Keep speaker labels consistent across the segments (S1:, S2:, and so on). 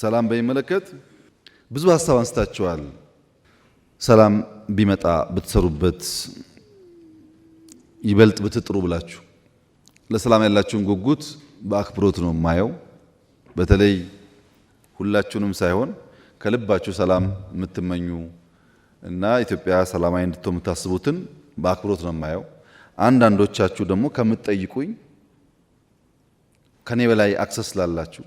S1: ሰላም በሚመለከት ብዙ ሀሳብ አንስታችኋል። ሰላም ቢመጣ ብትሰሩበት ይበልጥ ብትጥሩ ብላችሁ ለሰላም ያላችሁን ጉጉት በአክብሮት ነው የማየው። በተለይ ሁላችሁንም ሳይሆን ከልባችሁ ሰላም የምትመኙ እና ኢትዮጵያ ሰላማዊ እንድትሆን የምታስቡትን በአክብሮት ነው የማየው። አንዳንዶቻችሁ ደግሞ ከምትጠይቁኝ ከኔ በላይ አክሰስ ላላችሁ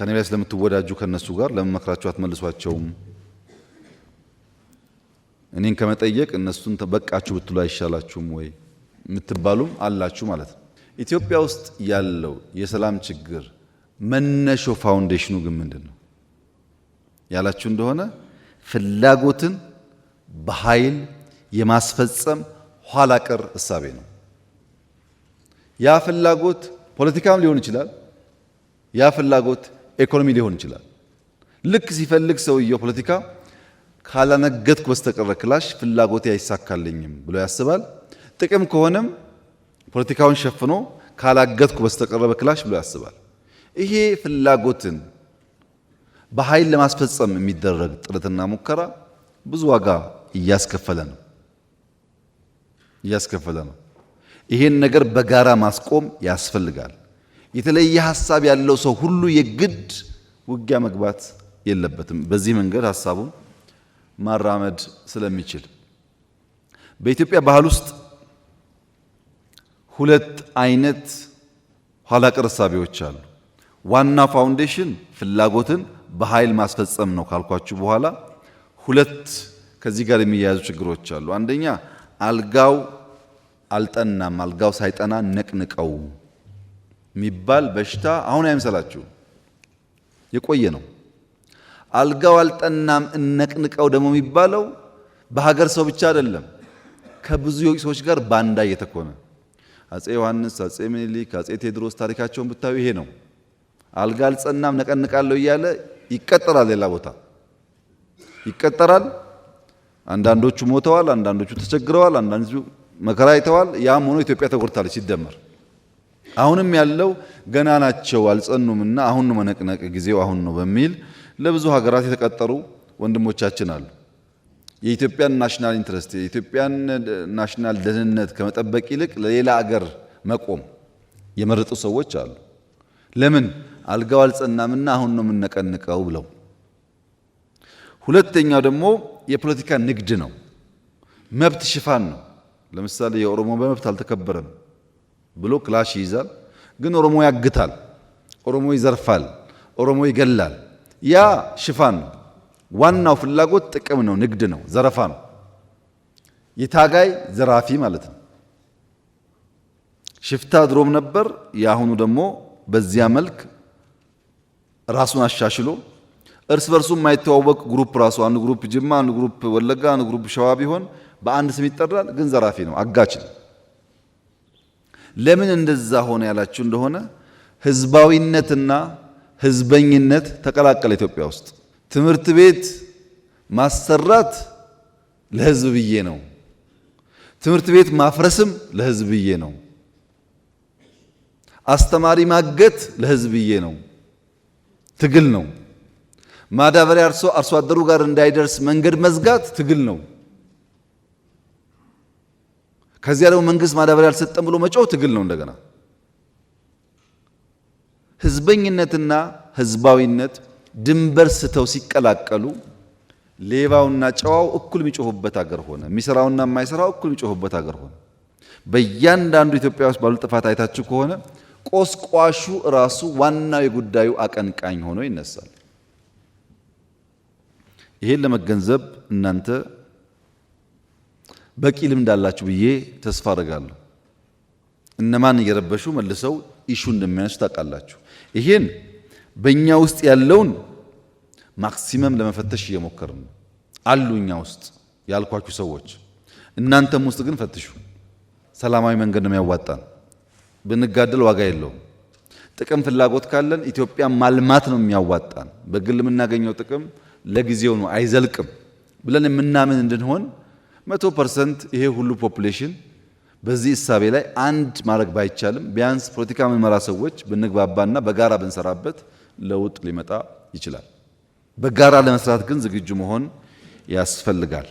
S1: ከነቢያ ለምትወዳጁ ከነሱ ጋር ለመመክራቸው አትመልሷቸውም? እኔን ከመጠየቅ እነሱን በቃችሁ ብትሉ አይሻላችሁም ወይ የምትባሉም አላችሁ ማለት ነው። ኢትዮጵያ ውስጥ ያለው የሰላም ችግር መነሾ ፋውንዴሽኑ ግን ምንድን ነው ያላችሁ እንደሆነ ፍላጎትን በኃይል የማስፈጸም ኋላ ቀር እሳቤ ነው። ያ ፍላጎት ፖለቲካም ሊሆን ይችላል። ያ ፍላጎት ኢኮኖሚ ሊሆን ይችላል። ልክ ሲፈልግ ሰውየው ፖለቲካ ካላነገትኩ በስተቀረ ክላሽ ፍላጎቴ አይሳካልኝም ብሎ ያስባል። ጥቅም ከሆነም ፖለቲካውን ሸፍኖ ካላገትኩ በስተቀረ በክላሽ ብሎ ያስባል። ይሄ ፍላጎትን በኃይል ለማስፈጸም የሚደረግ ጥረትና ሙከራ ብዙ ዋጋ እያስከፈለ ነው እያስከፈለ ነው። ይሄን ነገር በጋራ ማስቆም ያስፈልጋል። የተለየ ሀሳብ ያለው ሰው ሁሉ የግድ ውጊያ መግባት የለበትም። በዚህ መንገድ ሀሳቡን ማራመድ ስለሚችል በኢትዮጵያ ባህል ውስጥ ሁለት አይነት ኋላ ቀር እሳቤዎች አሉ። ዋና ፋውንዴሽን ፍላጎትን በኃይል ማስፈጸም ነው ካልኳችሁ በኋላ ሁለት ከዚህ ጋር የሚያያዙ ችግሮች አሉ። አንደኛ አልጋው አልጠናም፣ አልጋው ሳይጠና ነቅንቀው የሚባል በሽታ አሁን አይምሰላችሁ፣ የቆየ ነው። አልጋው አልጠናም እነቅንቀው ደግሞ የሚባለው በሀገር ሰው ብቻ አይደለም፣ ከብዙ የውጭ ሰዎች ጋር ባንዳ እየተኮነ አጼ ዮሐንስ፣ አጼ ምኒልክ፣ አጼ ቴዎድሮስ ታሪካቸውን ብታዩ ይሄ ነው። አልጋ አልጸናም ነቀንቃለሁ እያለ ይቀጠራል፣ ሌላ ቦታ ይቀጠራል። አንዳንዶቹ ሞተዋል፣ አንዳንዶቹ ተቸግረዋል፣ አንዳንዶቹ መከራ አይተዋል። ያም ሆኖ ኢትዮጵያ ተጎድታለች ሲደመር አሁንም ያለው ገና ናቸው አልጸኑምና አሁን ነው መነቅነቅ ጊዜው አሁን ነው በሚል ለብዙ ሀገራት የተቀጠሩ ወንድሞቻችን አሉ። የኢትዮጵያን ናሽናል ኢንትረስት የኢትዮጵያን ናሽናል ደህንነት ከመጠበቅ ይልቅ ለሌላ አገር መቆም የመረጡ ሰዎች አሉ። ለምን አልጋው አልጸናምና አሁን ነው የምነቀንቀው ብለው። ሁለተኛው ደግሞ የፖለቲካ ንግድ ነው፣ መብት ሽፋን ነው። ለምሳሌ የኦሮሞ በመብት አልተከበረም። ብሎ ክላሽ ይይዛል። ግን ኦሮሞ ያግታል፣ ኦሮሞ ይዘርፋል፣ ኦሮሞ ይገላል። ያ ሽፋን ነው። ዋናው ፍላጎት ጥቅም ነው፣ ንግድ ነው፣ ዘረፋ ነው። የታጋይ ዘራፊ ማለት ነው። ሽፍታ ድሮም ነበር። የአሁኑ ደግሞ በዚያ መልክ ራሱን አሻሽሎ እርስ በርሱ የማይተዋወቅ ግሩፕ ራሱ አንድ ግሩፕ ጅማ፣ አንድ ግሩፕ ወለጋ፣ አንድ ግሩፕ ሸዋ ቢሆን በአንድ ስም ይጠራል። ግን ዘራፊ ነው፣ አጋች ነው። ለምን እንደዛ ሆነ ያላችሁ እንደሆነ ህዝባዊነትና ህዝበኝነት ተቀላቀለ። ኢትዮጵያ ውስጥ ትምህርት ቤት ማሰራት ለህዝብ ብዬ ነው። ትምህርት ቤት ማፍረስም ለህዝብ ብዬ ነው። አስተማሪ ማገት ለህዝብ ብዬ ነው። ትግል ነው። ማዳበሪያ አርሶ አደሩ ጋር እንዳይደርስ መንገድ መዝጋት ትግል ነው። ከዚያ ደግሞ መንግስት ማዳበሪያ አልሰጠም ብሎ መጮህ ትግል ነው። እንደገና ህዝበኝነትና ህዝባዊነት ድንበር ስተው ሲቀላቀሉ ሌባውና ጨዋው እኩል የሚጮሁበት አገር ሆነ። የሚሰራውና የማይሰራው እኩል የሚጮሁበት አገር ሆነ። በእያንዳንዱ ኢትዮጵያ ውስጥ ባሉ ጥፋት አይታችሁ ከሆነ ቆስቋሹ ራሱ ዋናው የጉዳዩ አቀንቃኝ ሆኖ ይነሳል። ይሄን ለመገንዘብ እናንተ በቂ ልምድ አላችሁ ብዬ ተስፋ አደርጋለሁ። እነማን እየረበሹ መልሰው ኢሹ እንደሚያነሱ ታውቃላችሁ። ይሄን በእኛ ውስጥ ያለውን ማክሲመም ለመፈተሽ እየሞከርን ነው። አሉ እኛ ውስጥ ያልኳችሁ ሰዎች፣ እናንተም ውስጥ ግን ፈትሹ። ሰላማዊ መንገድ ነው የሚያዋጣን። ብንጋደል ዋጋ የለውም። ጥቅም ፍላጎት ካለን ኢትዮጵያ ማልማት ነው የሚያዋጣን። በግል የምናገኘው ጥቅም ለጊዜው ነው አይዘልቅም ብለን የምናምን እንድንሆን መቶ ፐርሰንት ይሄ ሁሉ ፖፕሌሽን በዚህ እሳቤ ላይ አንድ ማድረግ ባይቻልም ቢያንስ ፖለቲካ የሚመራ ሰዎች ብንግባባና በጋራ ብንሰራበት ለውጥ ሊመጣ ይችላል። በጋራ ለመስራት ግን ዝግጁ መሆን ያስፈልጋል።